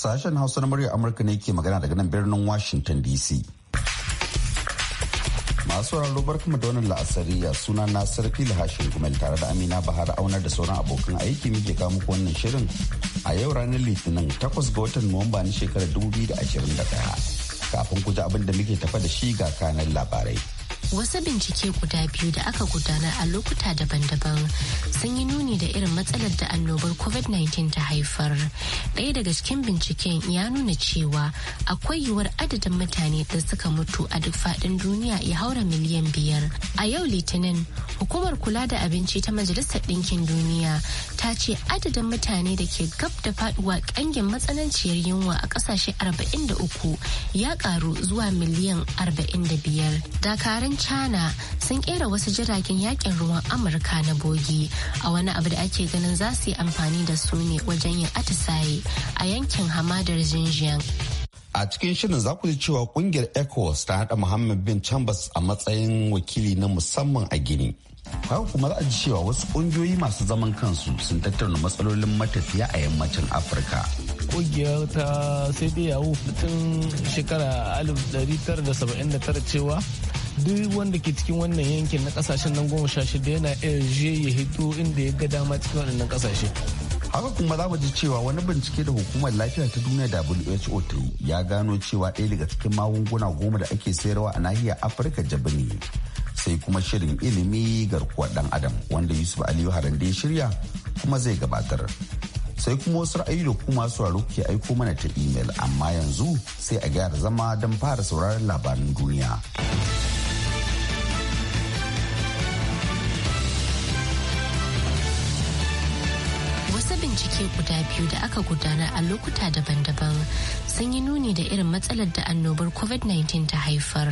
Sashen Hausa na murya Amurka ne ke magana daga nan birnin Washington DC. Masu rarrabar barkama da wannan ya suna na sarfi hashin gumel tare da Amina Bahar aunar da sauran abokan aiki muke kawo muku wannan shirin a yau ranar Litinin 8 ga watan Nuwamba na shekarar 2021. Kafin ku ji abin da muke tafa da shi ga kanan labarai. wasu bincike guda biyu da aka gudanar a lokuta daban-daban sun yi nuni da irin matsalar da annobar covid-19 ta haifar ɗaya daga cikin binciken ya nuna cewa akwai yiwuwar adadin mutane da suka mutu a duk faɗin duniya ya haura miliyan biyar a yau litinin hukumar kula da abinci ta majalisar ɗinkin duniya ta ce adadin mutane da ke gab da faduwa ƙangin matsananciyar yunwa a ƙasashe 43 ya ƙaru zuwa miliyan 45 dakarun china sun kera wasu jiragen yakin ruwan amurka na bogi a wani abu da ake ganin za su yi amfani da su ne wajen yin atisaye a yankin hamadar xinjiang a cikin shirin za ku ji cewa kungiyar ecowas ta hada muhammad bin chambers a matsayin wakili na musamman a gini haka kuma za a ji cewa wasu kungiyoyi masu zaman kansu sun tattauna matsalolin matafiya a yammacin afirka kungiyar ta sai dai yawo tun shekara 1979 cewa duk wanda ke cikin wannan yankin na kasashen nan goma sha shida yana iya ya hito inda ya ga dama cikin waɗannan kasashe haka kuma za mu ji cewa wani bincike da hukumar lafiya ta duniya who ta ya gano cewa ɗaya daga cikin magunguna goma da ake sayarwa a nahiyar afirka ne sai kuma shirin ilimi garkuwar dan adam wanda yusuf aliyu da ya shirya kuma zai gabatar sai kuma wasu ra'ayi da kuma sauraro ke aiko mana ta imel amma yanzu sai a gyara zama don fara sauraron labaran duniya. Energy. bincike guda biyu da aka gudanar a lokuta daban-daban sun yi nuni da irin matsalar da annobar covid-19 ta haifar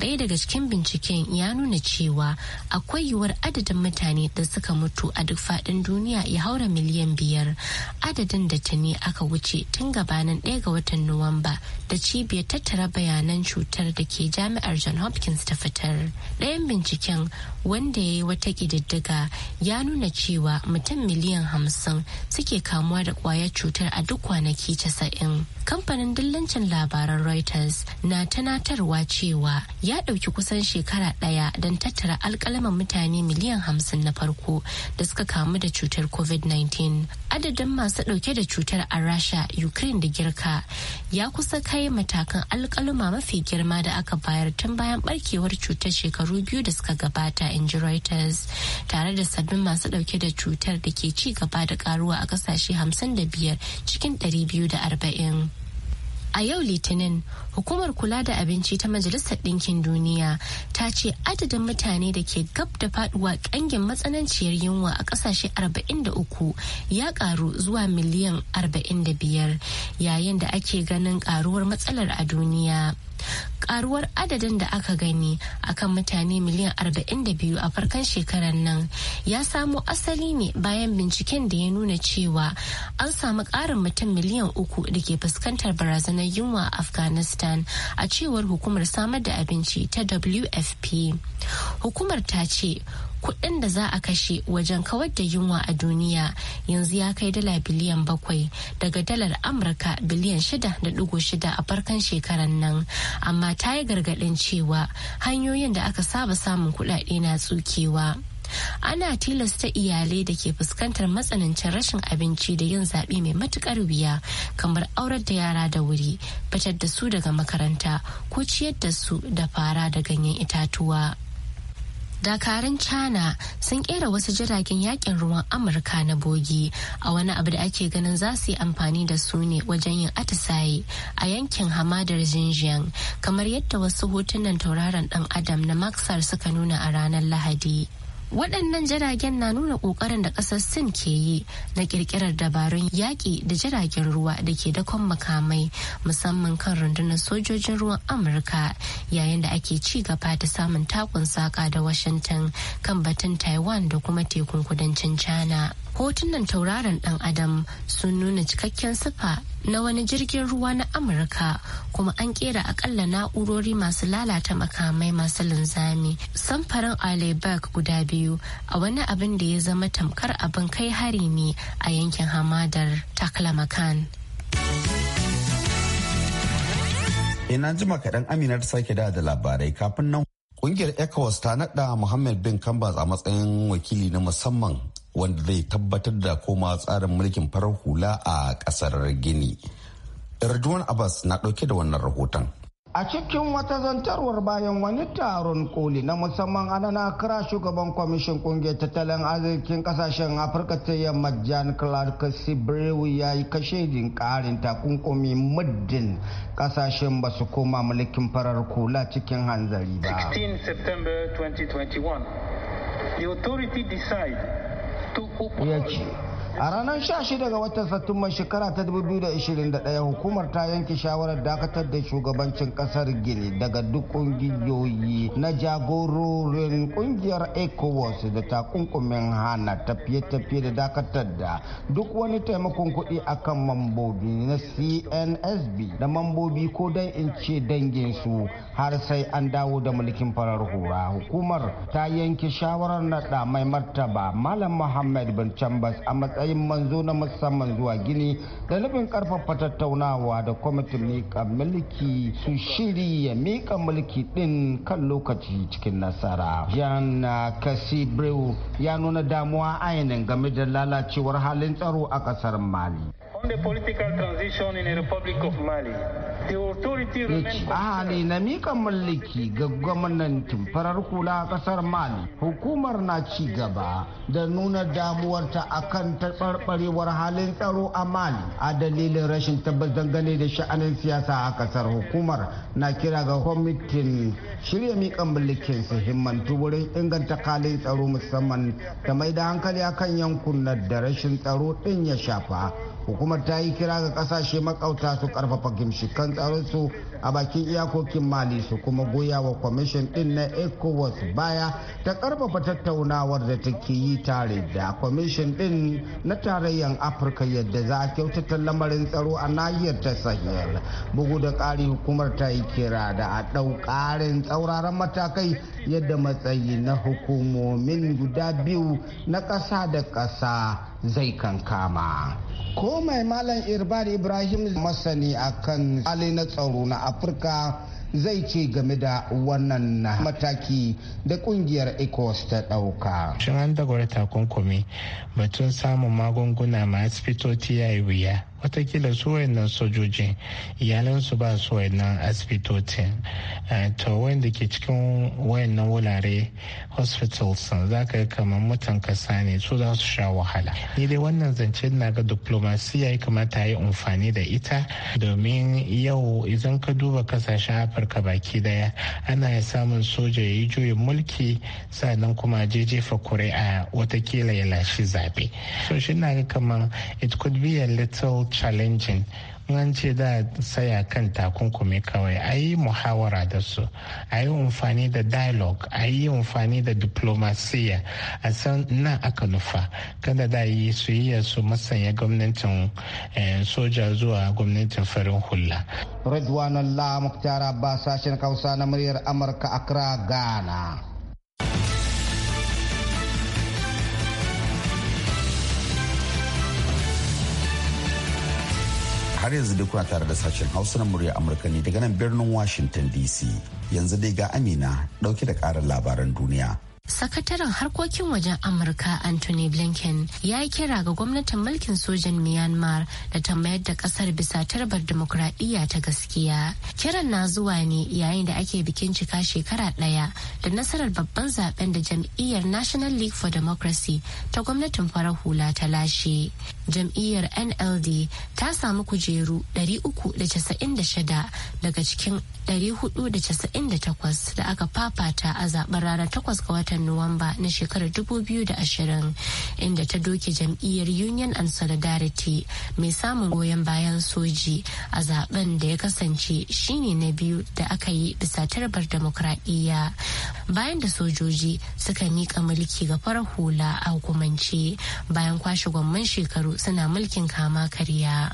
ɗaya daga cikin binciken ya nuna cewa akwai yiwuwar adadin mutane da suka mutu a duk faɗin duniya ya haura miliyan biyar adadin da tuni aka wuce tun gabanin ɗaya ga watan nuwamba da cibiyar tattara bayanan cutar da ke jami'ar john hopkins ta fitar ɗayan binciken wanda ya yi wata ƙididdiga ya nuna cewa mutum miliyan hamsin suke ke kamuwa da kwayar cutar a duk kwanaki casa'in. Kamfanin dillancin labaran Reuters na tunatarwa cewa ya ɗauki kusan shekara ɗaya don tattara alkalaman mutane miliyan hamsin na farko da suka kamu da cutar COVID-19. Adadin masu ɗauke da cutar a Rasha, Ukraine da Girka ya kusa kai matakan alƙaluma mafi girma da aka bayar tun bayan ɓarkewar cutar shekaru biyu da suka gabata, inji ji Reuters, tare da sabbin masu ɗauke da cutar da ke ci gaba da ƙaruwa a ƙasar kasashe 55 cikin 240. A yau Litinin, hukumar kula da abinci ta Majalisar Ɗinkin Duniya ta ce adadin mutane da ke gab da faduwa ƙangin matsananciyar yunwa a ƙasashe 43 ya ƙaru zuwa miliyan 45 yayin da ake ganin ƙaruwar matsalar a duniya. karuwar adadin da aka gani akan mutane miliyan 42 a farkon shekarar nan ya samo asali ne bayan binciken da ya nuna cewa an samu karin mutum miliyan uku da ke fuskantar barazanar yunwa a afghanistan a cewar hukumar samar da abinci ta wfp hukumar ta ce kuɗin da za a kashe wajen kawar da yunwa a duniya yanzu ya kai dala biliyan bakwai daga dalar amurka biliyan shida da ɗigo shida a farkon shekaran nan amma ta yi gargaɗin cewa hanyoyin da aka saba samun kuɗaɗe na tsukewa ana tilasta iyalai da ke fuskantar matsanancin rashin abinci da yin zaɓe mai matuƙar wuya kamar aurar da yara da wuri fitar da su daga makaranta ko ciyar da su da fara da ganyen itatuwa. dakarun china sun kera wasu jiragen yakin ruwan amurka na bogi a wani abu da ake ganin za su yi amfani da su ne wajen yin atisaye a yankin hamadar xinjiang kamar yadda wasu hotunan tauraron dan adam na maxar suka nuna a ranar lahadi waɗannan jiragen na nuna ƙoƙarin da ƙasar sin ke yi na ƙirƙirar dabarun yaƙi da jiragen ruwa da ke dakon makamai musamman kan rundunar sojojin ruwan amurka yayin da ake ci gaba da samun takun saƙa da washington kan batun taiwan da kuma tekun kudancin china hotunan tauraron dan adam sun nuna cikakken sifa na wani jirgin ruwa na amurka kuma an kera akalla na'urori masu lalata makamai masu linzami samfarin alebak guda biyu a wani abin da ya zama tamkar abin kai hari ne a yankin hamadar taklamakan ina jima kaɗan aminar sake da da labarai kafin nan kungiyar ecowas ta naɗa muhammad bin kambas a matsayin wakili na musamman wanda zai tabbatar da koma tsarin mulkin farar hula a kasar gini Rajuwan abbas na dauke da wannan rahoton a cikin wata zantarwar bayan wani taron koli na musamman anana kira shugaban kwamishin kungiyar tattalin arzikin kasashen afirka ta yamma jan clark sibrewi ya yi kashe din karin takunkumi muddin kasashen ba su koma mulkin farar kula cikin hanzari ba 16 september 2021 the authority decide ya ce A ranar 16 ga watan Satumban shekara ta 2021 hukumar ta yanke shawarar dakatar da shugabancin kasar Gini daga duk kungiyoyi na jagororin kungiyar ECOWAS da takunkumin hana tafiye-tafiye da dakatar da duk wani taimakon kuɗi akan mambobi na CNSB da mambobi ko dan in ce dangin su har sai an dawo da mulkin farar hura. Hukumar ta yanke shawarar naɗa mai martaba Malam Muhammad bin Chambers a matsayin matsayin manzo na musamman zuwa gini da nufin karfafa tattaunawa da kwamitin mika mulki su shiri ya mika mulki din kan lokaci cikin nasara jan kasibreu ya nuna damuwa ainihin game da lalacewar halin tsaro a kasar mali on the political transition in the republic of mali a hali ah, na mika mulki ga gwamnatin farar hula kasar mali hukumar na ci gaba da nuna damuwarta akan taɓarɓarewar halin tsaro a mali a dalilin rashin tabbas dangane da sha'anin siyasa a kasar hukumar na kira ga kwamitin shirya mikan mulkin su himmantu wurin inganta halin tsaro musamman ta mai da hankali akan yankunan da rashin tsaro din ya shafa hukumar ta yi kira ga kasashe makauta su karfafa gimshikan tsaronsu a bakin iyakokin mali su kuma goya wa kwamishin din na ecowas baya ta karfafa tattaunawar da take yi tare da kwamishin din na tarayyar afirka yadda za a kyautata lamarin tsaro a nahiyar ta sahel bugu da ƙari hukumar ta yi kira da a ɗau ƙarin tsauraran matakai yadda matsayi na hukumomin guda biyu na ƙasa da ƙasa zai kankama. ko mai malam irbar ibrahim masani akan hali na tsaro na afirka zai ce game da wannan mataki da kungiyar ecos ta dauka. shin an dagwara takunkumi batun samun magunguna ma fitoti ya yi wuya watakila su wayannan sojoji iyalansu ba su wayannan asibitocin eh, to wanda ke cikin wayannan wulare hospitals za ka yi kamar mutan kasa ne su za su sha wahala ni dai wannan zance na ga diplomasiya ya kamata yi amfani da ita domin yau idan ka duba kasashen afirka baki daya ana samun soja ya yi juyin mulki sannan kuma je jefa kuri'a watakila ya lashe zabe so shi na ga kamar it could be challenging an ce da saya kan takunkumi kawai a yi muhawara da su a yi amfani da dialogue a yi amfani da diplomasiya a san na aka nufa kada da yi su yi su masanya gwamnatin eh, soja zuwa gwamnatin farin hula. Redwanullah Muktar Abbas sashen Kausa na muryar Amurka Accra Ghana. har yanzu dai kuna tare da sashen hausa na murya amurka ne daga nan birnin washington dc yanzu dai ga amina dauke da karin labaran duniya Sakataren harkokin wajen Amurka Anthony Blinken ya yi kira ga gwamnatin mulkin sojan Myanmar da ta mayar da kasar bisa tarbar demokuraɗiyya ta gaskiya. Kiran na zuwa ne yayin da ake bikin cika shekara ɗaya da nasarar babban zaben da jam'iyyar National League for Democracy ta gwamnatin farar hula ta lashe. Jam'iyyar NLD ta samu kujeru 396 daga cikin 498 da aka fafata a zaben ranar 8 ga watan watan Nuwamba na shekarar 2020 inda ta doke jam'iyyar Union and Solidarity mai samun goyon bayan soji a zaben da ya kasance shine na biyu da aka yi bisa tarbar demokradiyya bayan da sojoji suka miƙa mulki ga farar hula a hukumance bayan kwashe gwamman shekaru suna mulkin kama karya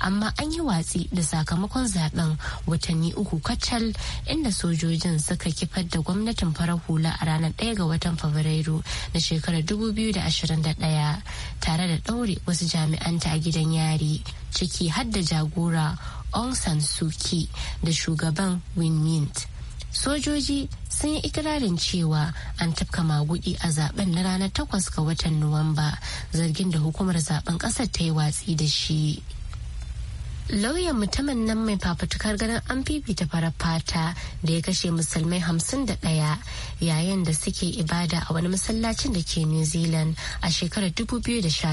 amma an yi watsi da sakamakon zaben watanni uku kacal inda sojojin suka kifar da gwamnatin farar hula a ranar 1 ga ga watan Fabrairu na shekarar 2021 tare da ɗaure wasu jami'anta a gidan yari ciki hadda jagora Aung San Suu Kyi da shugaban Win Mint. Sojoji sun yi ikirarin cewa an tafka magudi a zaben na ranar 8 ga watan Nuwamba zargin da hukumar zaben ƙasar ta yi watsi da shi. lauyan mutumin nan mai fafutukar ganin an fifita farar fata da ya kashe musulmai hamsin da ɗaya yayin da suke ibada a wani masallacin da ke new zealand a shekarar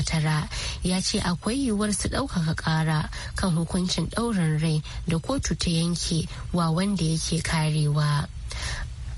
tara, ya ce akwai yiwuwar su ɗaukaka ƙara kan hukuncin ɗaurin rai da kotu ta yanke wa wanda yake karewa.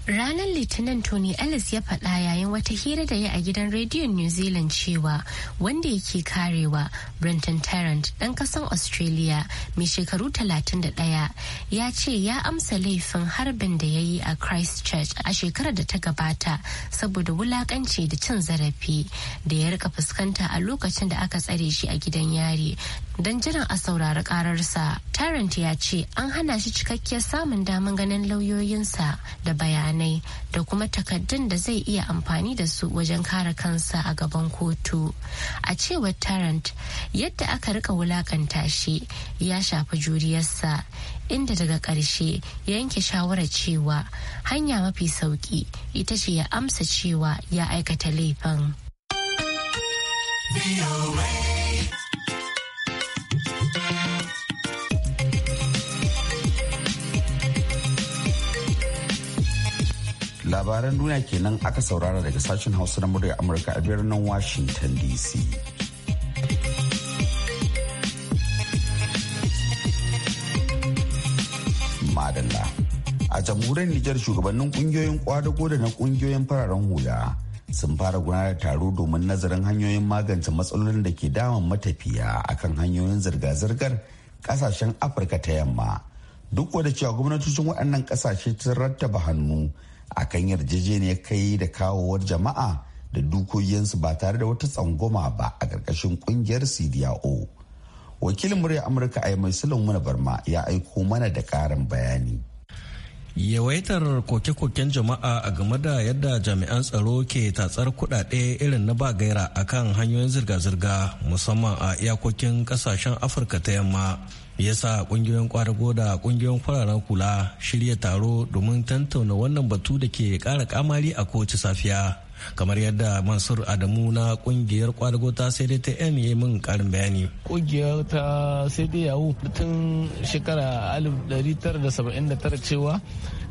Ranar Litinin Tony Ellis ya faɗa yayin wata hira da ya a gidan rediyon New Zealand cewa wanda yake karewa Brenton Tarrant ɗan ƙasan Australia mai shekaru 31 ya ce ya amsa laifin harbin da ya yi a Christchurch a shekarar da ta gabata saboda wulakanci da cin zarafi da ya rika fuskanta a lokacin da aka tsare shi a gidan yari don jiran a saurari kararsa. Tarrant ya ce an hana shi cikakkiyar samun damar ganin lauyoyinsa da bayanai. bayanai da kuma takaddun da zai iya amfani da su wajen kare kansa a gaban kotu a cewar tarrant yadda aka rika wulakanta shi ya shafi juriyarsa inda daga ƙarshe ya yanke shawarar cewa hanya mafi sauki ita ce ya amsa cewa ya aikata laifin. labaran duniya kenan aka saurara daga sashen hausa na murya amurka a birnin washington dc madalla a jamhuriyar nijar shugabannin kungiyoyin kwadago da na kungiyoyin fararen hula sun fara gudanar da taro domin nazarin hanyoyin magance matsalolin da ke damun matafiya akan hanyoyin zirga-zirgar kasashen afirka ta yamma duk da cewa gwamnatocin waɗannan kasashe sun rattaba hannu akan yarjejeniyar kai da kawowar jama'a da dukoyensu ba tare da wata tsangwama ba a ƙarƙashin ƙungiyar CDO. Wakilin murya Amurka a mai Sulaiman Barma ya aiko mana da ƙarin bayani. yawaitar koke-koken jama'a a game da yadda jami'an tsaro ke tatsar kudade irin na ba gaira akan hanyoyin zirga-zirga musamman a iyakokin kasashen afirka ta yamma ya sa kungiyoyin kwadago da kungiyoyin fararen kula shirya taro domin tantauna wannan batu da ke kara kamari a kowace safiya kamar yadda mansur adamu na kungiyar kwadago ta sai dai ta yan yi min karin bayani kungiyar ta sai dai yawo tun shekara 1979 cewa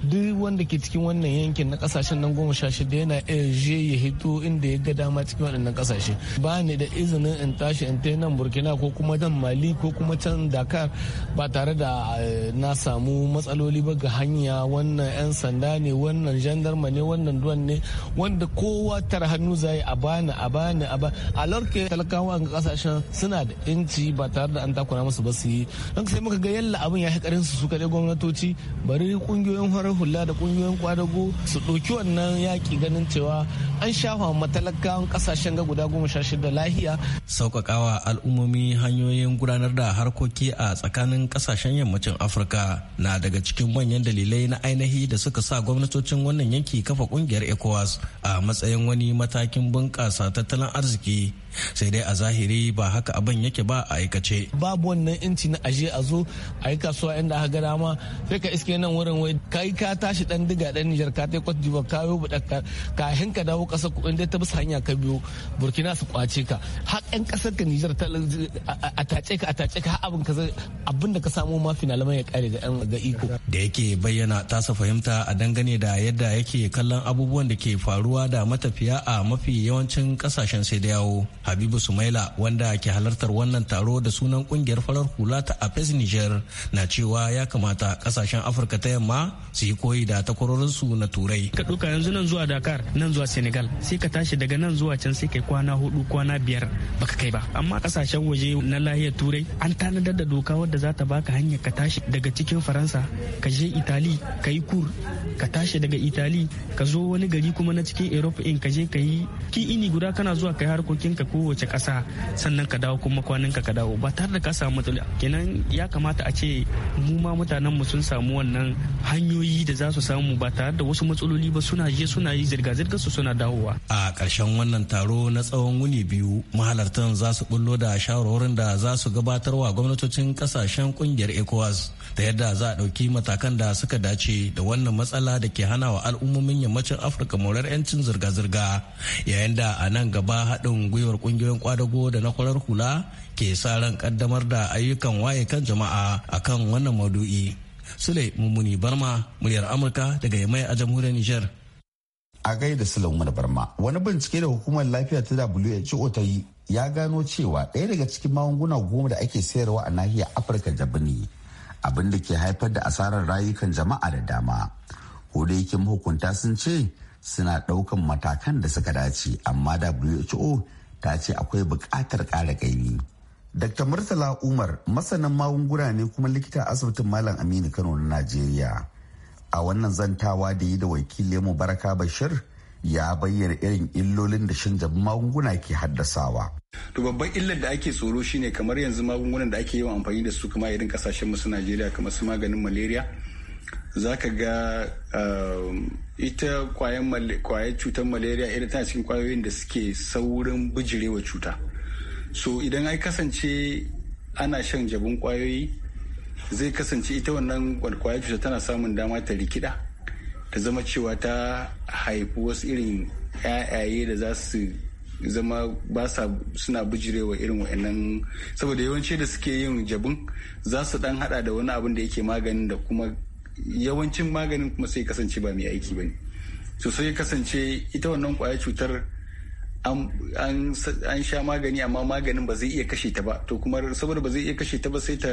duk wanda ke cikin wannan yankin na kasashen nan goma sha shida yana iya je ya hito inda ya ga dama cikin waɗannan kasashe ba ni da izinin in tashi in tai nan burkina ko kuma dan mali ko kuma can dakar ba tare da eh, na samu matsaloli ba ga hanya wannan 'yan sanda ne wannan gendarme ne wannan duwan ne wanda kowa tara hannu zai a bani a bani a bani a lorke talakawa ga kasashen suna da inci ba tare da an takura musu ba su yi don sai muka ga yalla abin ya haƙarin su su kaɗai gwamnatoci bari kungiyoyin horar farar hula da kungiyoyin kwadago su ɗauki wannan yaƙi ganin cewa an shafa matalakawan ƙasashen ga guda goma sha shida lahiya. Sauƙaƙawa al'ummomi hanyoyin gudanar da harkoki a tsakanin ƙasashen yammacin Afirka na daga cikin manyan dalilai na ainihi da suka sa gwamnatocin wannan yanki kafa ƙungiyar ECOWAS a matsayin wani matakin bunƙasa tattalin arziki sai dai a zahiri ba haka abin yake ba a aikace babu wannan inci na aje a zo a yi kasuwa inda haga dama sai ka iske nan wurin wai kai ka tashi dan diga dan Niger ka tai Cote d'Ivoire ka yo ka kahin ka dawo kasa ku inda ta bisa hanya ka biyo Burkina su kwace ka har ɗan kasar ka Niger ta a tace ka a tace ka abin ka abin da ka samu ma finalaman ya kare ga ga iko da yake bayyana tasa fahimta a dangane da yadda yake kallon abubuwan da ke faruwa da matafiya a mafi yawancin kasashen sai da yawo habibu sumaila wanda ke halartar wannan taro da sunan kungiyar farar hula ta apes niger na cewa ya kamata kasashen afirka ta yamma su yi koyi da takwarorinsu na turai ka ɗauka yanzu nan zuwa dakar nan zuwa senegal sai ka tashi daga nan zuwa can sai kai kwana hudu kwana biyar baka kai ba amma kasashen waje na lahiyar turai an tanadar da doka wadda za ta baka hanyar ka tashi daga cikin faransa ka je itali ka yi kur ka tashi daga itali ka zo wani gari kuma na cikin europe in ka je ka yi ki ini guda kana zuwa kai harkokin ka kowace ƙasa sannan ka dawo kuma kwanan ka ka dawo ba tare da ka samu matsala kenan ya kamata a ce mu ma mutanen mu sun samu wannan hanyoyi da za su samu ba tare da wasu matsaloli ba suna je suna yi zirga-zirga su suna dawowa a ƙarshen wannan taro na tsawon wuni biyu mahalartan za su bullo da shawarwarin da za su wa gwamnatocin kasashen kungiyar ecowas ta yadda za a ɗauki matakan da suka dace da wannan matsala da ke hana wa al'ummomin yammacin afirka morar 'yancin zirga-zirga yayin da a nan gaba haɗin gwiwar kungiyoyin kwadago da na kwarar hula ke sa ran kaddamar da ayyukan waye kan jama'a akan wannan maudu'i sule mummuni barma muryar amurka daga yamai a jamhuriyar nijar. a gaida Mummuni Barma wani bincike da hukumar lafiya ta WHO ta yi ya gano cewa ɗaya daga cikin magunguna goma da ake sayarwa a nahiyar Afirka ne abin da ke haifar da asarar rayukan jama'a da dama. Koda yake mahukunta sun ce suna ɗaukan matakan da suka dace amma WHO ta ce akwai buƙatar ƙara kaimi Dr. Murtala Umar masanin magunguna ne kuma likita asibitin Malam Aminu Kano na Najeriya. A wannan zantawa da yi da wakilin mu Baraka Bashir ya bayyana irin illolin da shan jabin magunguna ke haddasawa. To babban illar da ake tsoro shine kamar yanzu magungunan da ake yawan amfani da su kuma irin kasashen mu su Najeriya kamar su maganin malaria za ka ga um, ita kwayar cutar malaria irin tana cikin kwayoyin da suke saurin bijirewa cuta so idan ai kasance ana shan jabin kwayoyi zai kasance ita wannan kwayar cuta tana samun dama ta rikida ta zama cewa ta haifi wasu irin 'ya'yaye da za su zama ba sa suna bijirewa irin wa'annan saboda yawanci da suke yin jabin za su dan hada da wani abin da yake maganin da kuma yawancin maganin kuma sai kasance ba mai aiki ba ne so sai kasance ita wannan kwaya cutar an sha magani amma maganin ba zai iya kashe ta ba to kuma saboda ba zai iya kashe ta ba sai ta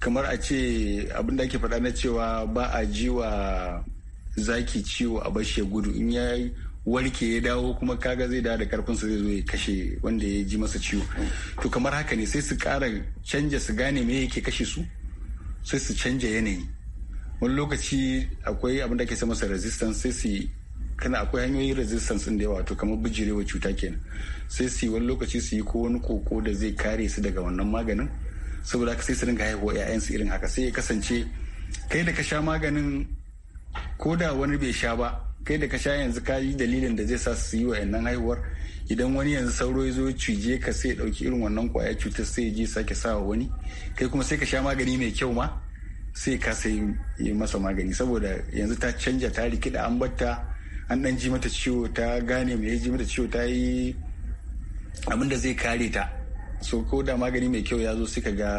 kamar a ce abin da ake faɗa na cewa ba a ji wa zaki ciwo a bashi ya gudu in ya warke ya dawo kuma kaga zai dawo da karfinsa zai zo ya kashe wanda ya ji masa ciwo to kamar haka ne sai su kara canja su gane me yake kashe su sai su canja yanayi wani lokaci akwai abin da ke sama masa resistance sai su kana akwai hanyoyin resistance da yawa to kamar bijirewa cuta kenan sai su wani lokaci su yi ko wani koko da zai kare su daga wannan maganin saboda haka sai su dinga haihuwa 'ya'yansu irin haka sai ya kasance kai da ka sha maganin ko da wani bai sha ba kai da ka sha yanzu ka yi dalilin da zai sa su yi yannan haihuwar idan wani yanzu sauro ya zo cije ka sai ya dauki irin wannan kwaya cutar sai ya je sake sawa wani kai kuma sai ka sha magani mai kyau ma sai ka sai yi masa magani saboda yanzu ta canja ta rikida an batta an dan ji mata ciwo ta gane mai ji mata ciwo ta yi abin da zai kare ta so ko da magani mai kyau ya zo suka ga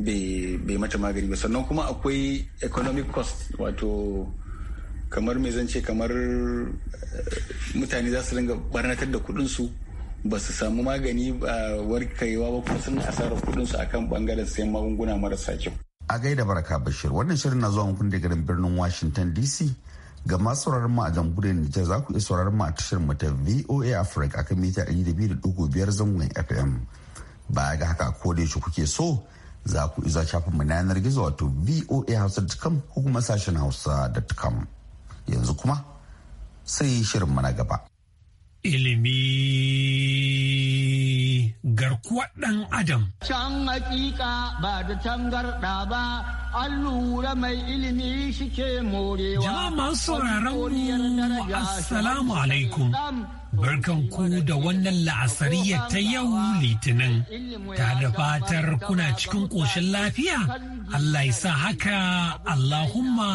bai mata magani ba sannan kuma akwai economic cost wato kamar mai zance kamar eh, mutane za su ringa barnatar da kudinsu ba su samu magani ba warkewa ba kuma sun asarar kudinsu kan bangaren sayan magunguna marasa kyau a gaida baraka bashir wannan shirin na zuwa mukun da garin birnin washington dc ga masu sauraron mu a jamhuriyar nijar za ku iya sauraron mu a tashar mu ta voa africa akan mita biyar zangon fm baya ga haka ko da yaushe kuke so za ku iya shafin mu na yanar gizo wato voa hausa.com ko kuma sashen hausa.com yanzu kuma sai shirin mana gaba ilimi garkuwar ɗan adam. Can hakika ba da tangarɗa ba, an lura mai ilimi shike morewa. Jama'a masu sauraron mu, Assalamu alaikum. Barkan ku da wannan la'asariya ta yau litinin, ta da fatar kuna cikin ƙoshin lafiya, Allah haka Allahumma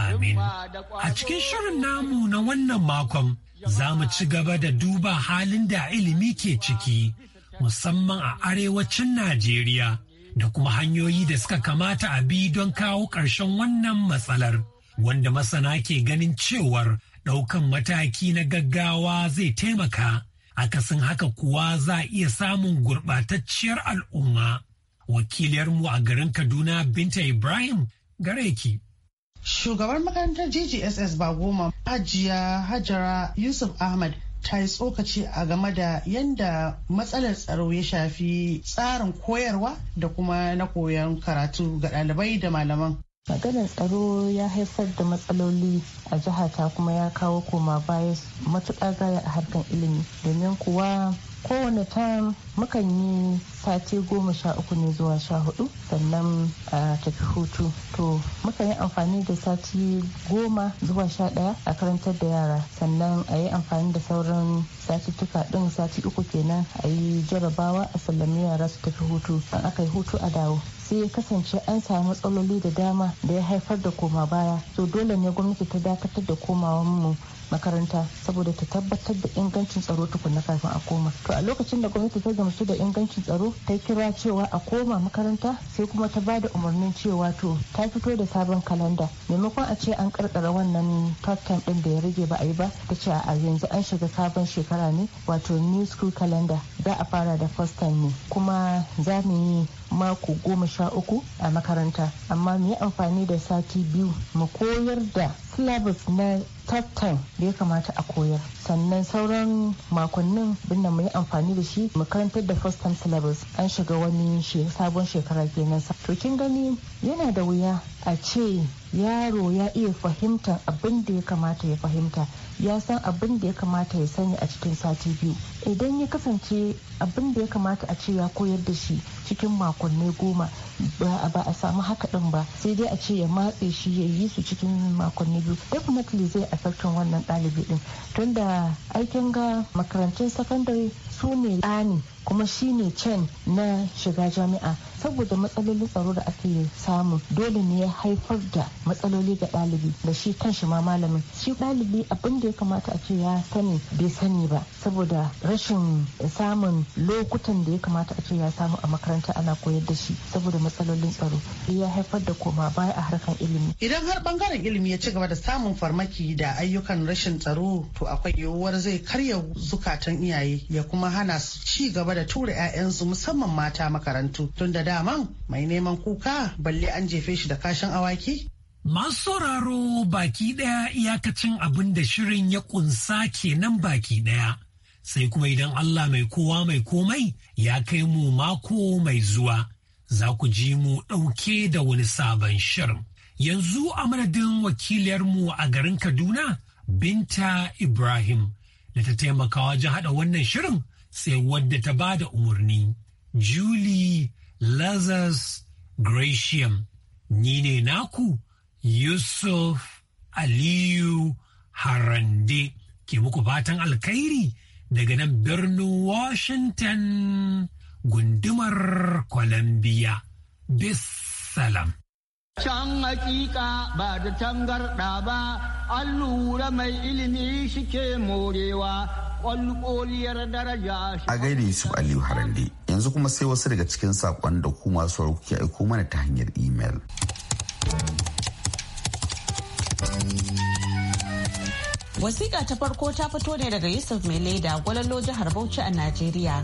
amin. A cikin shirin namu na wannan makon. za mu ci gaba da duba halin da ilimi ke ciki musamman a arewacin Najeriya da kuma hanyoyi da suka kamata a bi don kawo ƙarshen wannan matsalar wanda masana ke ganin cewar ɗaukan mataki na gaggawa zai taimaka akasin haka kuwa za a iya samun gurɓatacciyar al'umma wakiliyarmu a garin Kaduna Binta Ibrahim gare ki. Shugabar makarantar GGSS ba goma Hajiya Hajara Yusuf Ahmad ta yi tsokaci a game da yadda matsalar tsaro ya shafi tsarin koyarwa da kuma na koyon karatu ga ɗalibai da malaman. maganar tsaro ya haifar da matsaloli a jihata kuma ya kawo koma baya matuƙa gaya a harkar ilimi domin kuwa kowane tam mukan yi sati goma sha uku ne zuwa sha hudu sannan a tafi hutu to mukan yi amfani da sati goma zuwa sha daya a karantar da yara sannan a yi amfani da sauran sati satuttuka din sati uku kenan a yi jarabawa a sallami yara su tafi hutu don aka yi hutu a dawo sai ya kasance an samu matsaloli da dama da ya haifar da koma baya to dole ne gwamnati ta dakatar da komawan mu makaranta saboda ta tabbatar da ingancin tsaro tukunna kafin a koma to a lokacin da gwamnati ta gamsu da ingancin tsaro ta kira cewa a koma makaranta sai kuma ta bada umarnin cewa to ta fito da sabon kalanda maimakon a ce an karkara wannan part time din da ya rage ba a yi ba ta ce a yanzu an shiga sabon shekara ne wato new school calendar za a fara da first time ne kuma za mu yi mako goma sha uku a makaranta amma mu yi amfani da sati biyu mu koyar da syllabus na time da ya kamata a koyar sannan sauran makonnin binda mu yi amfani da shi makarantar da first time syllabus an shiga wani sabon shekara kenan sa to kin gani yana da wuya a ce yaro ya iya fahimta abin da ya kamata ya fahimta ya san abin da ya kamata ya sani a cikin sati biyu idan ya kasance abin da ya kamata a ce ya koyar da shi cikin makonni goma ba a samu haka din ba sai dai a ce ya matse shi ya yi su cikin makonni biyu definitely zai affectin wannan ɗalibi din tunda aikin ga makarantun sakandare su ne tsani kuma shi ne can na shiga jami'a saboda matsalolin tsaro da ake samu dole ne ya haifar da matsaloli ga ɗalibi da shi kanshi ma malamin shi ɗalibi abin da ya kamata a ce ya sani bai sani ba saboda rashin samun lokutan da ya kamata a ce ya samu a makaranta ana koyar da shi saboda matsalolin tsaro ya haifar da koma baya a harkar ilimi idan har bangaren ilimi ya ci gaba da samun farmaki da ayyukan rashin tsaro to akwai yiwuwar zai karya zukatan iyaye ya kuma hana su ci gaba da tura 'ya'yansu musamman mata makarantu tunda daman mai neman kuka balle an jefe shi da kashin awaki? Masu sauraro baki ɗaya iyakacin abin da shirin ya kunsa kenan baki ɗaya. Sai kuma idan Allah mai kowa mai komai ya kai mu mako mai zuwa, za ku ji mu ɗauke da wani sabon shirin. Yanzu a madadin wakiliyarmu a garin Kaduna, Binta Ibrahim, da ta taimaka wajen haɗa wannan shirin sai wadda ta ba da umarni, Julie Lazarus Gratium, ni ne naku Yusuf Aliyu Harande ke muku fatan alkhairi daga nan birnin Washington gundumar Columbia. Bissalam. Can hakika ba da tangarda ba, an lura mai ilimi shike morewa A gaida Yusuf Aliyu Harande yanzu kuma sai wasu daga cikin saƙon da ku masu ke aiko mana ta hanyar imel. Wasiƙa ta farko ta fito ne daga Yusuf Mai Leda gwalalo jihar Bauchi a Najeriya.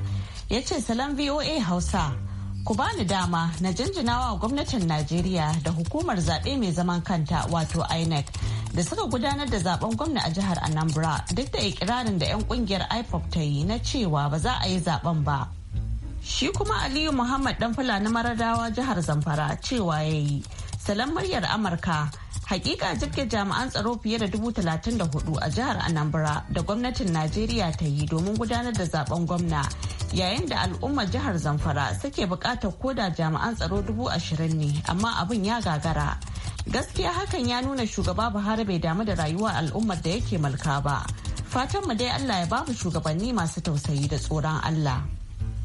Ya ce salam VOA Hausa. Ku bani dama na jinjinawa gwamnatin Najeriya da hukumar zaɓe mai zaman kanta wato INEC da suka gudanar da zaben gwamna a jihar Anambra duk da ikirarin da 'yan kungiyar IPOP ta yi na cewa ba za a yi zaben ba. Shi kuma Aliyu Muhammad dan Fulani Maradawa jihar Zamfara cewa ya yi. Salam muryar Amurka Hakika jirgin jami'an tsaro fiye da dubu talatin da hudu a jihar Anambra da gwamnatin Najeriya ta yi domin gudanar da zaben gwamna yayin da al'ummar jihar Zamfara suke bukatar koda jami'an tsaro dubu ashirin ne amma abin ya gagara. Gaskiya hakan ya nuna shugaba Buhari bai damu da rayuwar al'ummar da yake mulka ba. Fatanmu dai Allah ya babu shugabanni masu tausayi da tsoron Allah.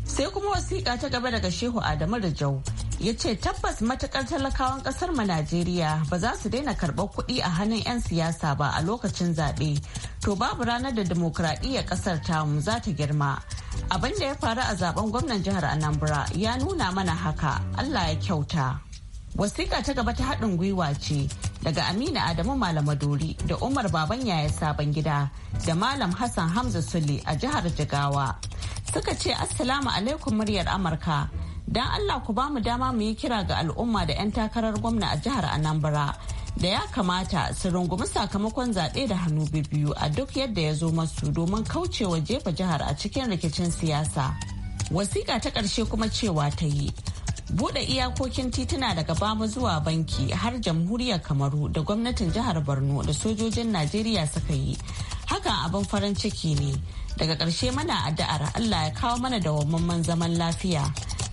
Sai kuma wasiƙa ta gaba daga Shehu Adamu rajau ya ce tabbas matakar talakawan kasar mu najeriya ba za su daina karɓar kuɗi a hannun 'yan siyasa ba a lokacin zaɓe to babu ranar da demokradiyyar ƙasar tamu za ta girma abin da ya faru a zaben gwamnan jihar anambra ya nuna mana haka allah ya kyauta wasiƙa ta gaba ta haɗin gwiwa ce daga Aminu adamu malamadori da umar baban yaya sabon gida da malam hassan hamza sule a jihar jigawa suka ce assalamu alaikum muryar amurka don allah ku ba mu dama mu yi kira ga al'umma da 'yan takarar gwamna a jihar anambra da ya kamata su rungumi sakamakon zaɓe da hannu biyu a duk yadda ya zo masu domin kauce wa jefa jihar a cikin rikicin siyasa wasiƙa ta ƙarshe kuma cewa ta yi buɗe iyakokin tituna daga bamu zuwa banki har jamhuriyar kamaru da gwamnatin jihar borno da sojojin najeriya suka yi hakan abin farin ciki ne daga ƙarshe mana addu'ar allah ya kawo mana dawwammamen zaman lafiya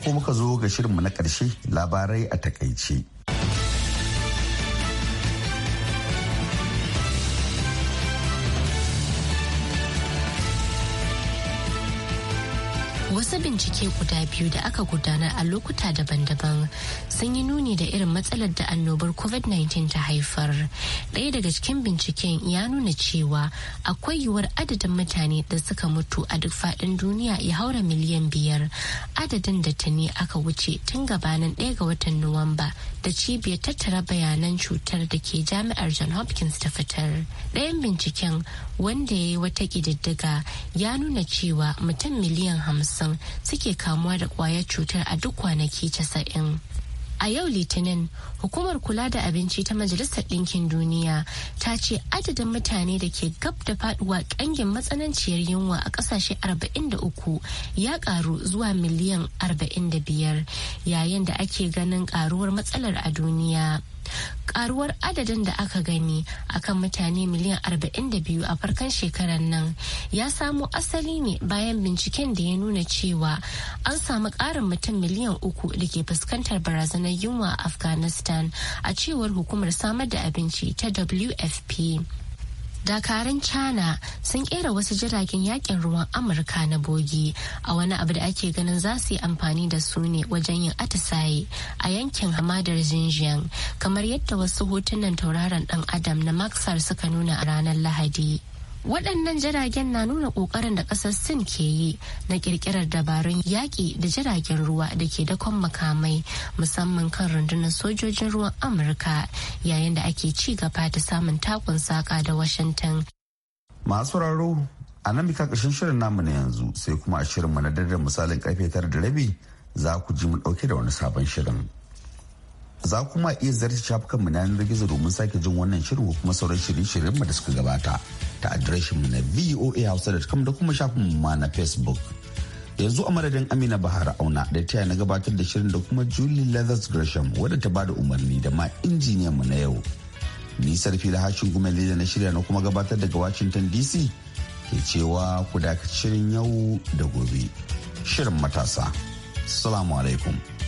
Kuma muka zo ga shirinmu na ƙarshe labarai a takaice. Wasu bincike guda biyu da aka gudanar a lokuta daban-daban sun yi nuni da irin matsalar da annobar COVID-19 ta haifar. Ɗaya daga cikin binciken ya nuna cewa akwai yiwuwar adadin mutane da suka mutu a duk faɗin duniya ya haura miliyan biyar adadin da ta ne aka wuce tun gabanin ɗaya ga watan Nuwamba da cibiyar tattara bayanan cutar da ke jami'ar John Hopkins ta fitar. Ɗayan binciken wanda ya yi wata ƙididdiga ya nuna cewa mutum miliyan hamsin suke kamuwa da kwayar cutar a duk kwanaki casa'in. A yau Litinin, hukumar kula da abinci ta Majalisar Ɗinkin Duniya ta ce adadin mutane da ke gab da faduwa ƙangin matsananciyar yunwa a ƙasashe 43 ya ƙaru zuwa miliyan 45 yayin da ake ganin ƙaruwar matsalar a duniya. karuwar adadin da aka gani akan mutane miliyan 42 a farkon shekarar nan ya samo asali ne bayan binciken da ya nuna cewa an samu karin mutum miliyan uku da ke fuskantar barazanar yunwa a afghanistan a cewar hukumar samar da abinci ta wfp dakaran china sun kera wasu jiragen yakin ruwan amurka na bogi a wani abu da ake ganin za su yi amfani da su ne wajen yin atisaye a yankin hamadar xinjiang kamar yadda wasu hotunan tauraron dan adam na maxar suka nuna a ranar lahadi waɗannan jiragen na nuna ƙoƙarin da ƙasar sin ke yi na ƙirƙirar dabarun yaƙi da jiragen ruwa da ke dakon makamai musamman kan rundunar sojojin ruwan amurka yayin da ake ci gaba da samun takun saƙa da washington masu raro a nan bika ƙarshen shirin namu na yanzu sai kuma a shirin mu na dare misalin karfe tara da rabi za ku ji mu ɗauke da wani sabon shirin za kuma iya ziyarci shafukanmu na yanar gizo domin sake jin wannan shirin ko kuma sauran shirye mu da suka gabata ta mu na hausa da da kuma mu ma na facebook yanzu a madadin amina bahar auna da ta na gabatar da shirin da kuma julie leathers gresham wadda ta bada umarni da ma injiniyan mu na yau ni sarfi da hashin gumel da na shirya na kuma gabatar daga washington dc ke cewa ku dakaci shirin yau da gobe shirin matasa salamu alaikum